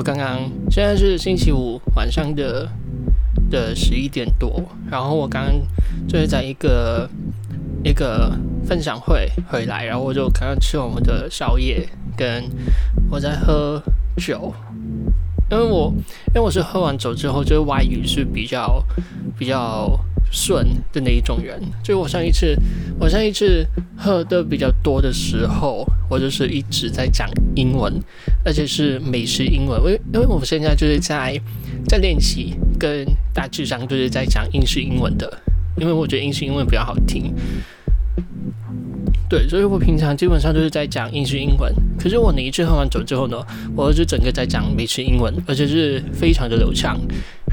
我剛剛現在是星期五晚上的的十一點多，然後我剛剛就是在一個一個分享會回來，然後我就剛剛吃完我們的宵夜，跟我在喝酒，因為我因為我是喝完酒之後就是外語是比較比較順的那一種人，就我上一次我上一次喝的比較多的時候。我就是一直在講英文，而且是美式英文。因為因為我現在就是在在練習跟大致上就是在講英式英文的，因為我覺得英式英文比較好聽。對，所以我平常基本上就是在講英式英文。可是我那一次喝完酒之後呢，我就整個在講美式英文，而且是非常的流暢。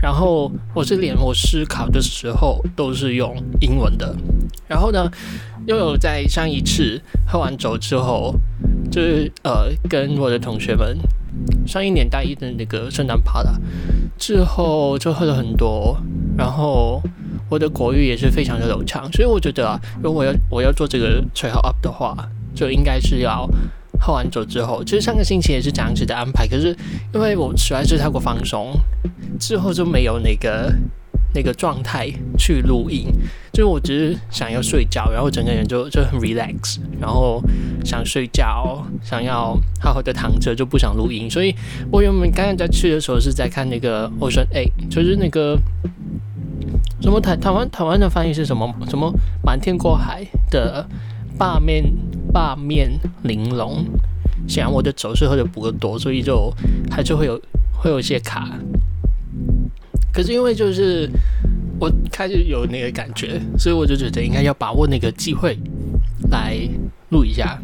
然後我是連我思考的時候都是用英文的。然後呢，因為我在上一次喝完酒之後，就是呃跟我的同學們上一年大一的那個聖誕趴了，之後就喝了很多，然後我的國語也是非常的流暢，所以我覺得啊，如果我要我要做這個隨口 up 的話，就應該是要喝完酒之後。其實上個星期也是這樣子的安排，可是因為我實在是太過放鬆，之後就沒有那個。那個狀態去錄音，就是我只是想要睡覺，然後整個人就就很 relax，然後想睡覺，想要好好的躺着就不想錄音。所以我原本剛剛在去的時候是在看那個 Ocean's 8，就是那個什麼台台灣台灣的翻譯是什麼？什麼瞞天過海的八面八面玲瓏？顯然我的走勢或者不夠多，所以就它就會有會有一些卡。可是因為就是我開始有那個感覺，所以我就覺得應該要把握那個機會來錄一下。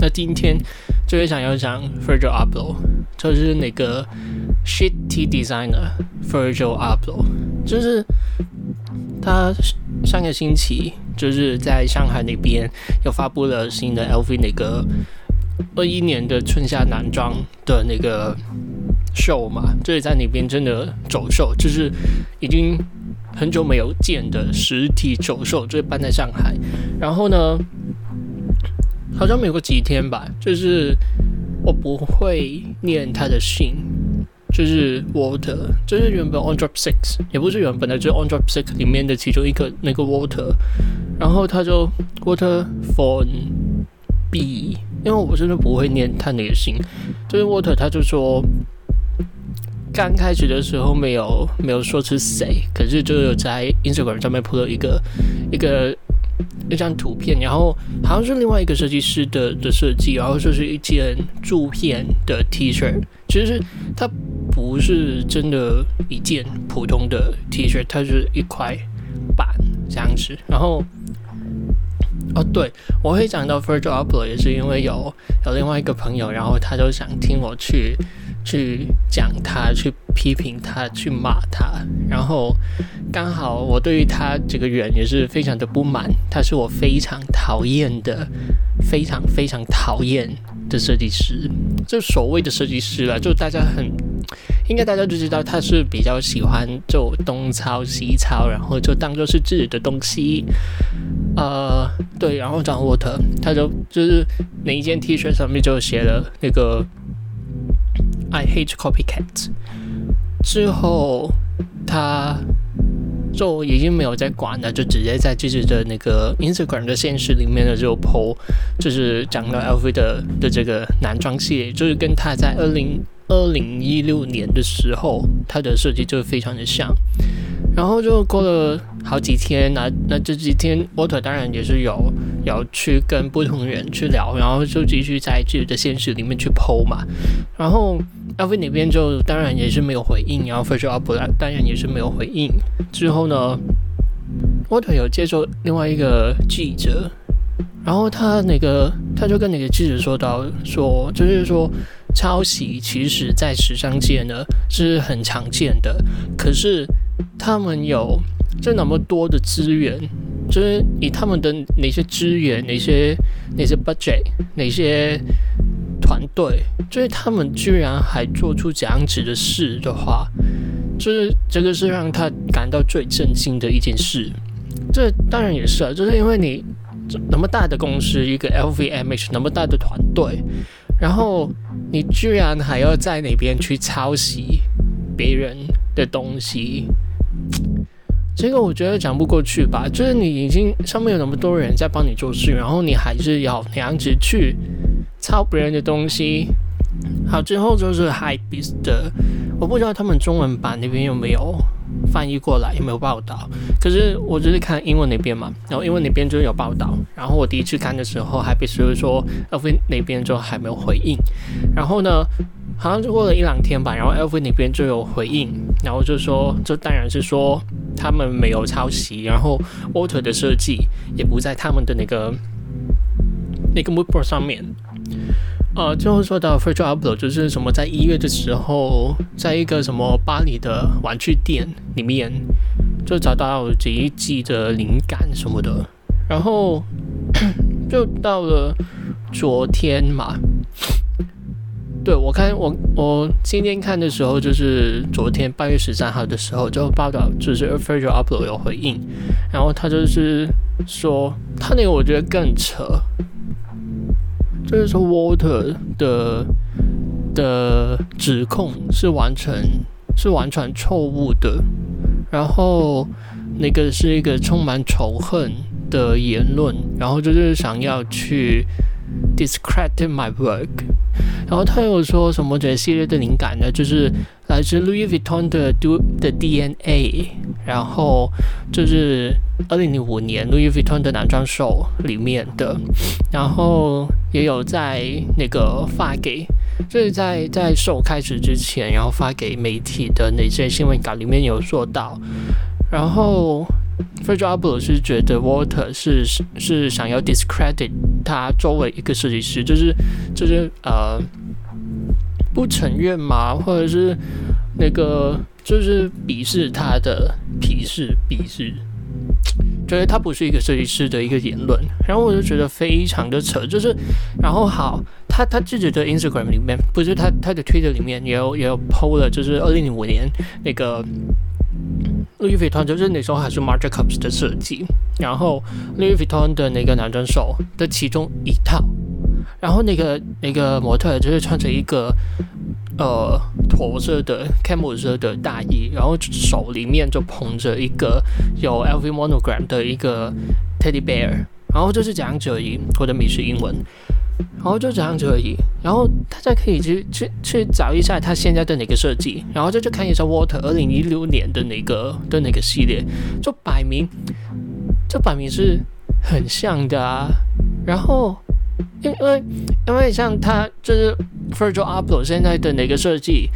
那今天就會想要講 Virgil Abloh，就是那個 Shitty Designer Virgil Abloh，就是他上個星期就是在上海那邊又發佈了新的 LV 那個二一年的春夏男裝的那個。秀嘛，所以在那邊真的走秀，就是已經很久沒有見的實體走秀，就搬在上海。然後呢，好像沒過幾天吧，就是我不會念他的姓，就是 Walter，就是原本 on drop six，也不是原本的，就是 on drop six 裡面的其中一個那個 Walter，然後他就 Walter Van B，因為我真的不會念他那個姓，就是 Walter，他就說。剛開始的時候沒有沒有說是誰，可是就有在 Instagram 上面鋪了一個一個一張圖片，然後好像是另外一個設計師的的設計，然後就是一件鑄片的 T 恤，其實它不是真的，一件普通的 T 恤，shirt, 它是一塊板這樣子。然後哦，對，我會講到 Virgil Abloh，也是因為有有另外一個朋友，然後他就想聽我去。去講他，去批評他，去罵他。然後剛好我對於他這個人也是非常的不滿，他是我非常討厭的，非常非常討厭的設計師。就所謂的設計師了，就大家很應該大家都知道，他是比較喜歡就東抄西抄，然後就當做是自己的東西。呃，對，然後找沃特，他就就是哪一件 T 恤上面就寫了那個。I hate copycat。之後，他就已經沒有在管了，就直接在自己的那個 Instagram 的現實裡面的就 po，就是講到 LV 的的這個男裝系列，就是跟他在二零二零一六年的時候，他的設計就非常的像。然後就過了好幾天那、啊、那這幾天 Water 當然也是有要去跟不同人去聊，然後就繼續在自己的現實裡面去 po 嘛，然後。LV 那邊就當然也是沒有回應，然後 Ferragamo 當然也是沒有回應。之後呢，Walter 有接受另外一個記者，然後他那個他就跟那個記者說到，說就是說抄襲其實在時尚界呢是很常見的，可是他們有就那麼多的資源，就是以他們的哪些資源、哪些哪些 budget、哪些。團隊，就是他們居然還做出這樣子的事的話，就是這個是讓他感到最震驚的一件事。這當然也是啊，就是因為你那麼大的公司，一個 LVMH 那麼大的團隊，然後你居然還要在那邊去抄襲別人的東西，這個我覺得講不過去吧。就是你已經上面有那麼多人在幫你做事，然後你還是要這樣子去。抄別人的東西，好，之後就是 Hypebeast 的，我不知道他們中文版那邊有沒有翻譯過來，有沒有報道。可是我就是看英文那邊嘛，然後英文那邊就有報道。然後我第一次看的時候 Hypebeast 說 LV 那邊就還沒有回應。然後呢，好像就過了一兩天吧，然後 LV 那邊就有回應，然後就說，就當然是說他們沒有抄襲，然後 Walter 的設計也不在他們的那個那個 moodboard 上面。呃、啊，最後說到 Virgil Abloh，就是什麼在一月的時候，在一個什麼巴黎的玩具店裡面，就找到這一季的靈感什麼的，然後就到了昨天嘛。對我看我我今天看的時候，就是昨天八月十三號的時候就報道，就是 Virgil Abloh 有回應，然後他就是說他那個我覺得更扯。就是說，Walter 的的指控是完全是完全錯誤的，然後那個是一個充滿仇恨的言論，然後就是想要去 discredit my work，然後他又說什麼？這些系列的靈感呢，就是來自 Louis Vuitton 的 Do 的 DNA。然後就是二零零五年 Louis Vuitton 的男裝秀裡面的，然後也有在那個發給就是在在秀開始之前，然後發給媒體的那些新聞稿裡面有說到。然後 Virgil Abloh 是覺得 Walter 是，是是想要 discredit 他作為一個設計師，就是就是呃不承認嘛，或者是那個。就是鄙視他的鄙視、鄙視，覺得他不是一個設計師的一個言論，然後我就覺得非常的扯。就是，然後好，他他自己的 Instagram 裡面，不是他他的 Twitter 裡面也有也有 PO 了，就是二零零五年那個 Louis Vuitton 就是那時候還是 Marc Jacobs 的設計，然後 Louis Vuitton 的那個男裝秀的其中一套，然後那個那個模特就是穿着一個。呃，駝色的 camel 色的大衣，然後手裡面就捧着一個有 LV monogram 的一個 teddy bear，然後就是這樣子而已，或者米是英文，然後就是這樣子而已，然後大家可以去去去找一下他現在的那個設計，然後再去看一下 Walter 二零一六年的哪、那個的那個系列，就擺明這擺明是很像的、啊，然後。因為因為像它，就是 Virgil Abloh 現在的那個設計，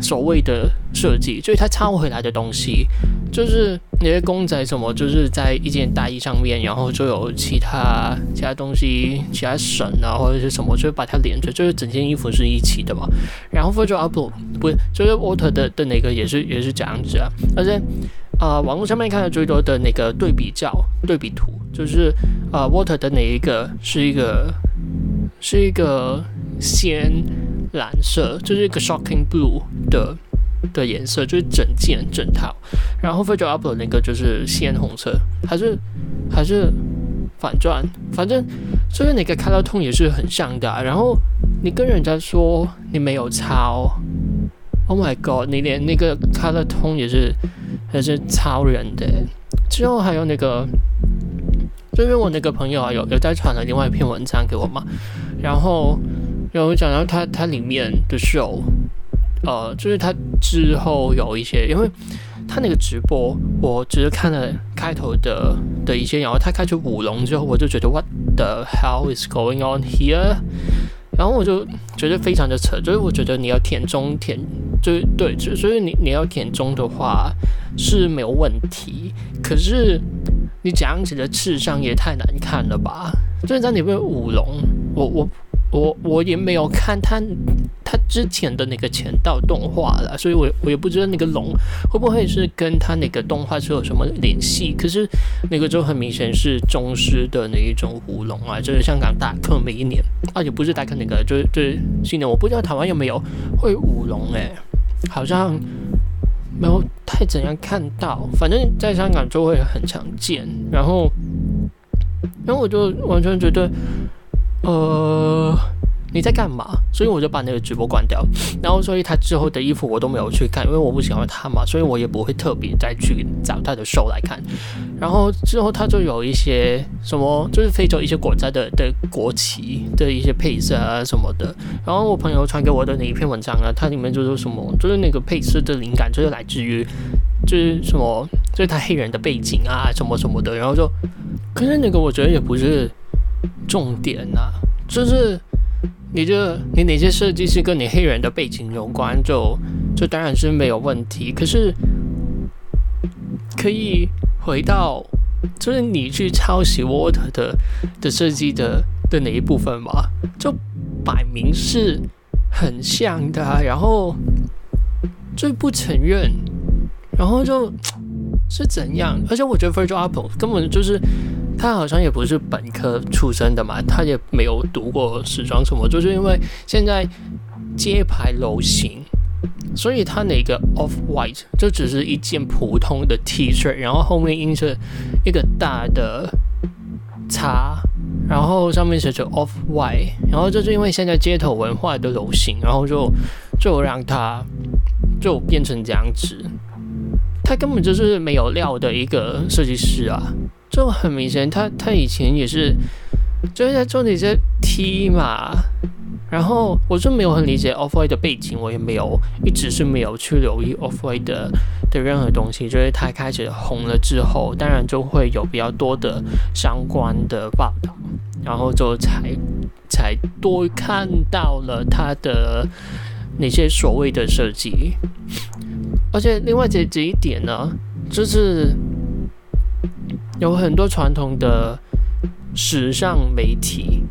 所謂的設計，就是它抄回來的東西，就是那些公仔什麼，就是在一件大衣上面，然後就有其他其他東西，其他繩啊或者是什麼，就把它連着，就是整件衣服是一起的嘛。然後 Virgil Abloh 不是，就是 Walter 的的那個也是也是這樣子啊，而且。啊、呃，網絡上面看到最多的那個對比照、對比圖，就是啊、呃、，Walter 的哪一個是一個是一個鮮藍色，就是一個 shocking blue 的的顏色，就是整件整套。然後 Virgil Abloh 的那個就是鮮紅色，還是還是反轉，反正這是那個 color tone 也是很像的。啊。然後你跟人家說你沒有抄、哦、，Oh my God，你連那個 color tone 也是。這是超人的。之後還有那個，就是我那個朋友啊，有有在傳了另外一篇文章給我嘛，然後有講到他他裡面的 show，呃，就是他之後有一些，因為他那個直播，我只是看了開頭的的一些，然後他開始舞龍之後，我就覺得 What the hell is going on here？然後我就覺得非常的扯，就是我覺得你要舔中舔。就對，對，所以你你要填中的話是沒有問題，可是你講起來智商也太難看了吧？最近在你被五龍，我我我我也沒有看他。他之前的那個前導動畫了，所以我我也不知道那個龍會不會是跟他那個動畫是有什麼聯繫。可是那個就很明顯是中式的那一種舞龍啊，就是香港大坑每一年，啊也不是大坑那個，就是就是新年，我不知道台灣有沒有會舞龍誒，好像沒有太怎樣看到，反正在香港就會很常見，然後然後我就完全覺得呃。你在幹嘛？所以我就把那個直播關掉。然後，所以他之後的衣服我都沒有去看，因為我不喜歡他嘛。所以我也不會特別再去找他的秀來看。然後之後他就有一些什麼，就是非洲一些國家的的國旗的一些配色啊什麼的。然後我朋友傳給我的那一篇文章啊，它裡面就是什麼，就是那個配色的靈感就是來自於，就是什麼，就是他黑人的背景啊什麼什麼的。然後就，可是那個我覺得也不是重點吶、啊，就是。你這你哪些設計是跟你黑人的背景有關就？就就當然是沒有問題。可是可以回到，就是你去抄襲 Walter 的的設計的的哪一部分吧，就擺明是很像的。然後就不承認，然後就，然後就是怎樣？而且我覺得 Virgil Abloh 根本就是。他好像也不是本科出身的嘛，他也沒有讀過時裝什麼，就是因為現在街牌流行，所以他那一個 off white 就只是一件普通的 T 恤，shirt，然後後面印着一個大的叉，然後上面寫着 off white，然後就是因為現在街頭文化的流行，然後就就讓他就變成這樣子，他根本就是沒有料的一個設計師啊。就很明顯，他他以前也是就是在做那些 T 嘛，然後我就沒有很理解 Off-White 的背景，我也沒有一直是沒有去留意 Off-White 的的任何東西。就是他開始紅了之後，當然就會有比較多的相關的報道，然後就才才多看到了他的那些所謂的設計，而且另外這這一點呢，就是。有很多傳統的時尚媒體，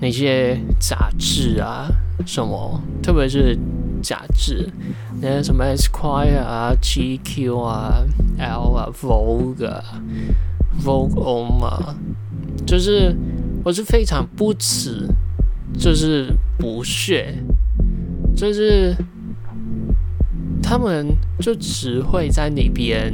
那些雜誌啊，什麼，特別是雜誌，那些什麼《Esquire》啊、《GQ》啊、《L》啊、《Vogue》啊、《Vogue Homme》啊，就是我是非常不齒，就是不屑，就是他們就只會在那邊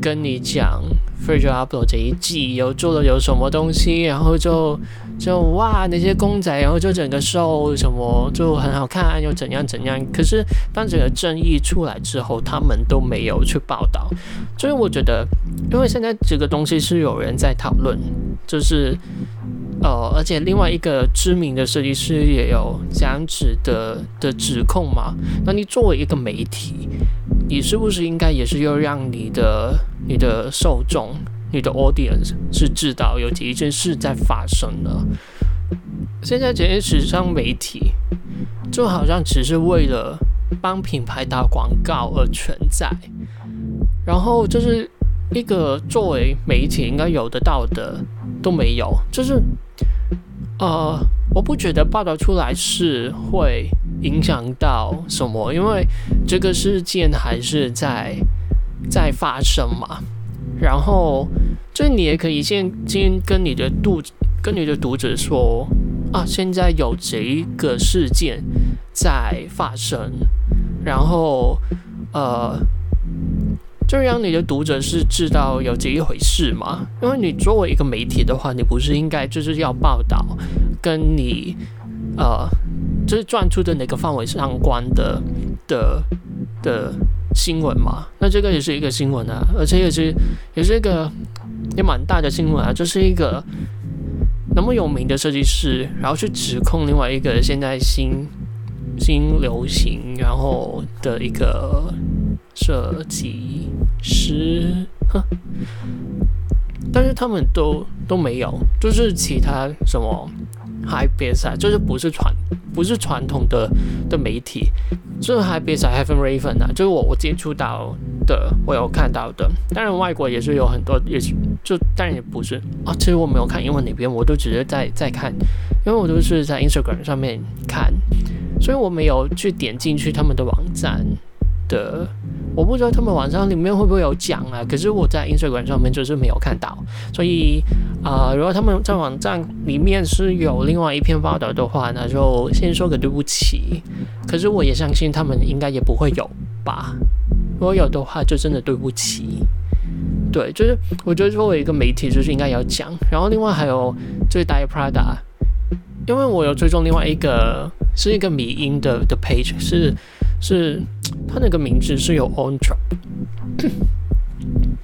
跟你講。Virgil Abloh 這一季有做了有什麼東西，然後就就哇那些公仔，然後就整個 show 什麼就很好看，又怎樣怎樣。可是當整個爭議出來之後，他們都沒有去報道。所以我覺得，因為現在這個東西是有人在討論，就是呃，而且另外一個知名的設計師也有這樣子的的指控嘛。那你作為一個媒體，你是不是應該也是要讓你的、你的受眾、你的 audience 是知道有這一件事在發生呢？現在這些時尚媒體，就好像只是為了幫品牌打廣告而存在，然後就是一個作為媒體應該有的道德都沒有，就是呃，我不覺得報道出來是會。影響到什麼？因為這個事件還是在在發生嘛。然後，就你也可以先先跟你的讀者，跟你的讀者說啊，現在有這個事件在發生。然後，呃，就讓你的讀者是知道有這一回事嘛？因為你作為一個媒體的話，你不是應該就是要報道，跟你呃。就是轉出的那個範圍是相關的的的新聞嘛？那這個也是一個新聞啊，而且也是也是一個也蠻大的新聞啊。就是一個那麼有名的設計師，然後去指控另外一個現在新新流行然後的一個設計師，哼，但是他們都都沒有，就是其他什麼。Hypebeast 啊，就是不是傳，不是傳統的的媒體，就是 Hypebeast、Heaven Raven 啊，就是我我接觸到的，我有看到的，當然外國也是有很多，也是就當然也不是啊、哦，其實我沒有看英文那邊，我都只是在在看，因為我都是在 Instagram 上面看，所以我沒有去點進去他們的網站的。我不知道他們網站裡面會不會有講啊，可是我在 Instagram 上面就是沒有看到，所以啊、呃，如果他們在網站裡面是有另外一篇報道的話，那就先說個對不起。可是我也相信他們應該也不會有吧，如果有的話，就真的對不起。對，就是我覺得作為一個媒體，就是應該要講。然後另外還有 Diet Prada，因為我有追蹤另外一個是一個迷因的的 page 是。是，他那個名字是有 on drop，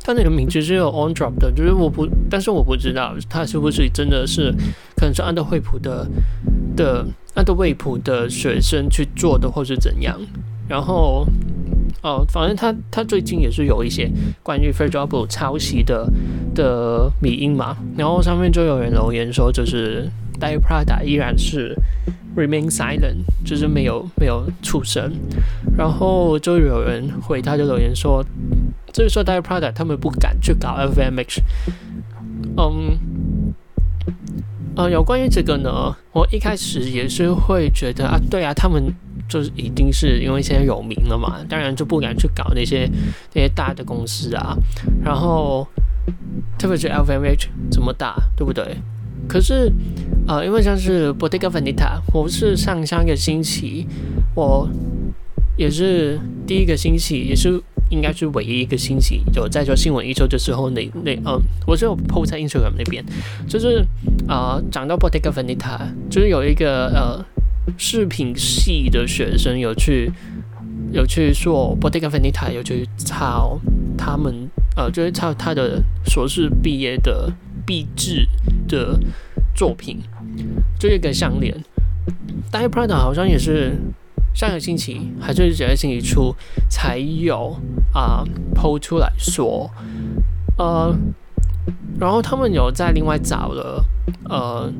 他那個名字是有 on drop 的，就是我不，但是我不知道他是不是真的是，可能是安特衛普的的安特衛普的學生去做的，或是怎樣。然後，哦，反正他他最近也是有一些關於 Virgil Abloh 抄襲的的迷因嘛，然後上面就有人留言說，就是 Diet Prada 依然是。Remain silent，就是沒有沒有出聲，然後就有人回他就留言說，就是說 Diet Prada 他們不敢去搞 LVMH，嗯，呃、嗯，有關於這個呢，我一開始也是會覺得啊，對啊，他們就是一定是因為現在有名了嘛，當然就不敢去搞那些那些大的公司啊，然後特別是 LVMH 怎麼大，對不對？可是，呃，因為像是 Bottega Veneta 我是上上個星期，我也是第一個星期，也是應該是唯一一個星期有在做新聞一周的時候，那那呃，我就有 post 在 Instagram 那邊，就是啊，講、呃、到 Bottega Veneta 就是有一個呃，飾品系的學生有去有去做 Bottega Veneta 有去抄他們呃，就是抄他的碩士畢業的畢製。的作品，就一個項鏈。Diet Prada 好像也是上個星期，還是這個星期初才有啊，拋出來說，呃，然後他們有再另外找了，呃，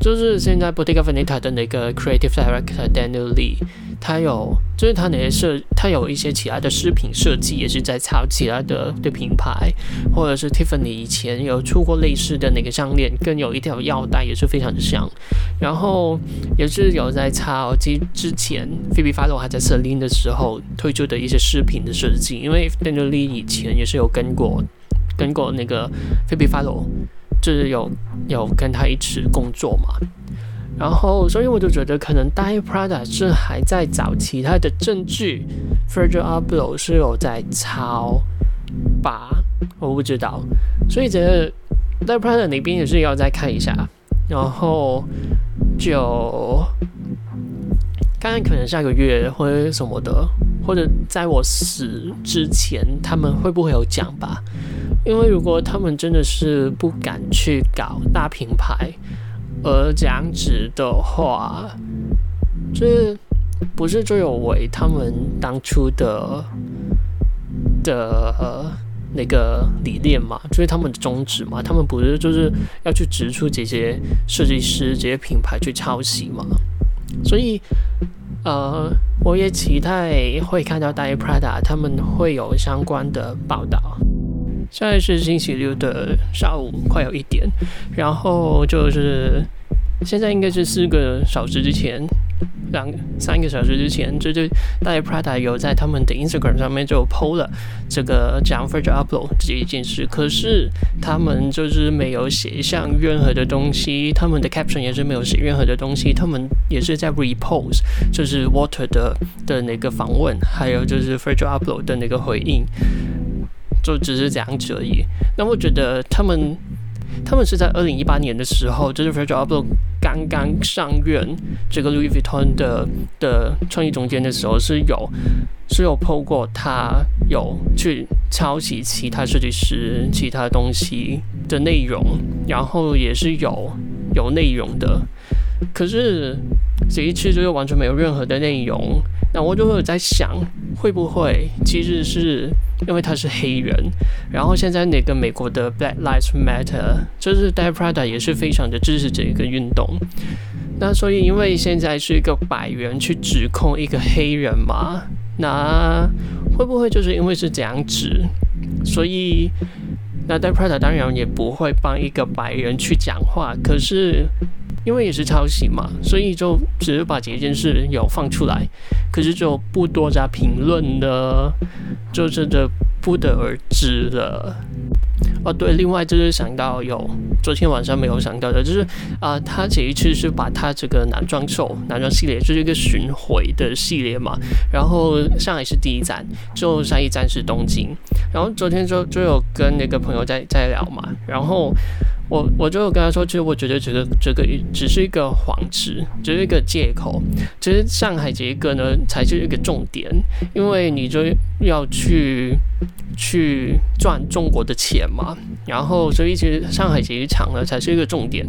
就是現在 Bottega Veneta 的那個 Creative Director Daniel Lee。他有，就是它那些設，它有一些其他的飾品設計也是在抄其他的的品牌，或者是 Tiffany 以前有出過類似的那個項鏈，跟有一條腰帶也是非常的像，然後也是有在抄，其實之前 Phoebe Philo 還在 Celine 的時候推出的一些飾品的設計，因為 Daniel Lee 以前也是有跟過，跟過那個 Phoebe Philo 就是有有跟他一起工作嘛。然後，所以我就覺得可能 Diet Prada 是還在找其他的證據，Virgil Abloh 是有在抄吧，我不知道。所以覺得 Diet Prada 那邊也是要再看一下。然後就看看可能下個月或什麼的，或者在我死之前他們會不會有講吧？因為如果他們真的是不敢去搞大品牌。而這樣子的話，就是不是就有違他們當初的的、呃、那個理念嘛？就是他們的宗旨嘛？他們不是就是要去指出這些設計師、這些品牌去抄襲嘛？所以，呃，我也期待會看到 Diet Prada 他們會有相關的報道。現在是星期六的下午快有一點，然後就是現在應該是四個小時之前，兩個三個小時之前，這就 Diet Prada 有在他們的 Instagram 上面就 PO 了這個講 Virgil Abloh 這一件事，可是他們就是沒有寫像任何的東西，他們的 Caption 也是沒有寫任何的東西，他們也是在 repost 就是 Walter 的的那個訪問，還有就是 Virgil Abloh 的那個回應。就只是這樣子而已。那我覺得他們，他們是在二零一八年的時候，就是 Virgil Abloh 剛剛上任這個 Louis Vuitton 的的創意總監的時候，是有是有 PO 過他有去抄襲其他設計師、其他東西的內容，然後也是有有內容的。可是這一期就是完全沒有任何的內容。那我就會在想。會不會其實是因為他是黑人？然後現在那個美國的 Black Lives Matter，就是 Diet Prada 也是非常的支持這個運動。那所以因為現在是一個白人去指控一個黑人嘛，那會不會就是因為是這樣子？所以那 Diet Prada 當然也不會幫一個白人去講話。可是。因為也是抄襲嘛，所以就只是把這件事有放出來，可是就不多加評論呢，就真的不得而知了。哦，對，另外就是想到有昨天晚上沒有想到的，就是啊、呃，他這一次是把他這個男裝秀、男裝系列就是一個巡迴的系列嘛，然後上海是第一站，之後下一站是東京，然後昨天就就有跟那個朋友在在聊嘛，然後。我我就跟他說，其實我覺得這個這個只是一個幌子，只是一個借口。其實上海這個呢才是一個重點，因為你就要去去賺中國的錢嘛，然後所以其實上海這一場呢才是一個重點，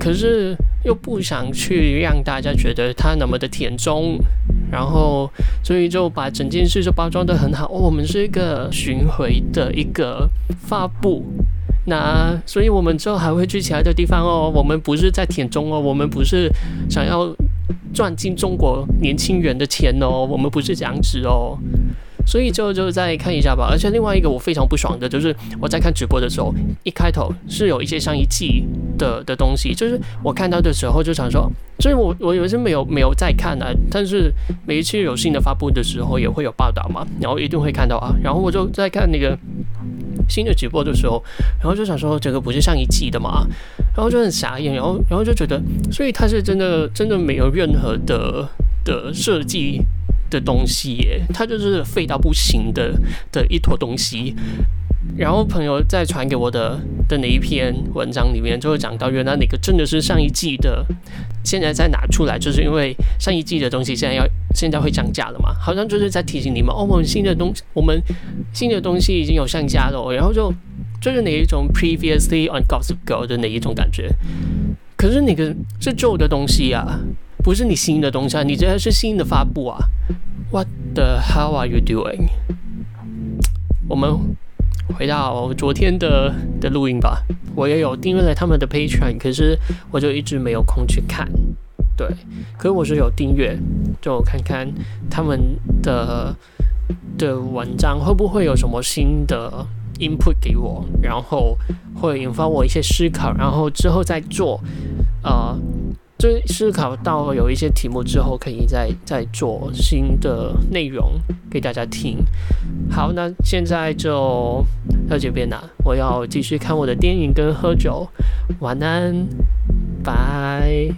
可是又不想去讓大家覺得它那麼的甜中，然後所以就把整件事就包裝得很好，哦。我們是一個巡迴的一個發布。那所以，我們之後還會去其他的地方哦。我們不是在舔中哦，我們不是想要賺進中國年輕人的錢哦，我們不是這樣子哦。所以就就再看一下吧。而且另外一個我非常不爽的就是，我在看直播的時候，一開頭是有一些上一季的的東西，就是我看到的時候就想說，就是我我以為是沒有沒有在看呢、啊。但是每一期有新的發布的的時候，也會有報道嘛，然後一定會看到啊。然後我就在看那個。新的直播的時候，然後就想說這個不是上一季的嘛？然後就很傻眼，然後然後就覺得，所以他是真的真的沒有任何的的設計的東西耶，他就是廢到不行的的一坨東西。然後朋友在傳給我的的那一篇文章裡面就會講到，原來那個真的是上一季的，現在再拿出來，就是因為上一季的東西現在要現在會漲價了嘛？好像就是在提醒你們，哦，我們新的東，我們新的東西已經有上架了。然後就這、就是那一種 previously on Gossip Girl 的那一種感覺？可是那個是舊的東西啊，不是你新的東西啊？你覺得是新的發布啊？What the hell are you doing？我們。回到昨天的的錄音吧，我也有訂閱了他們的 Patreon，可是我就一直沒有空去看。對，可是我只有訂閱，就看看他們的的文章會不會有什麼新的 input 給我，然後會引發我一些思考，然後之後再做，呃。思思考到有一些題目之後，可以再再做新的內容給大家聽。好，那現在就到這邊了啊，我要繼續看我的電影跟喝酒。晚安，拜。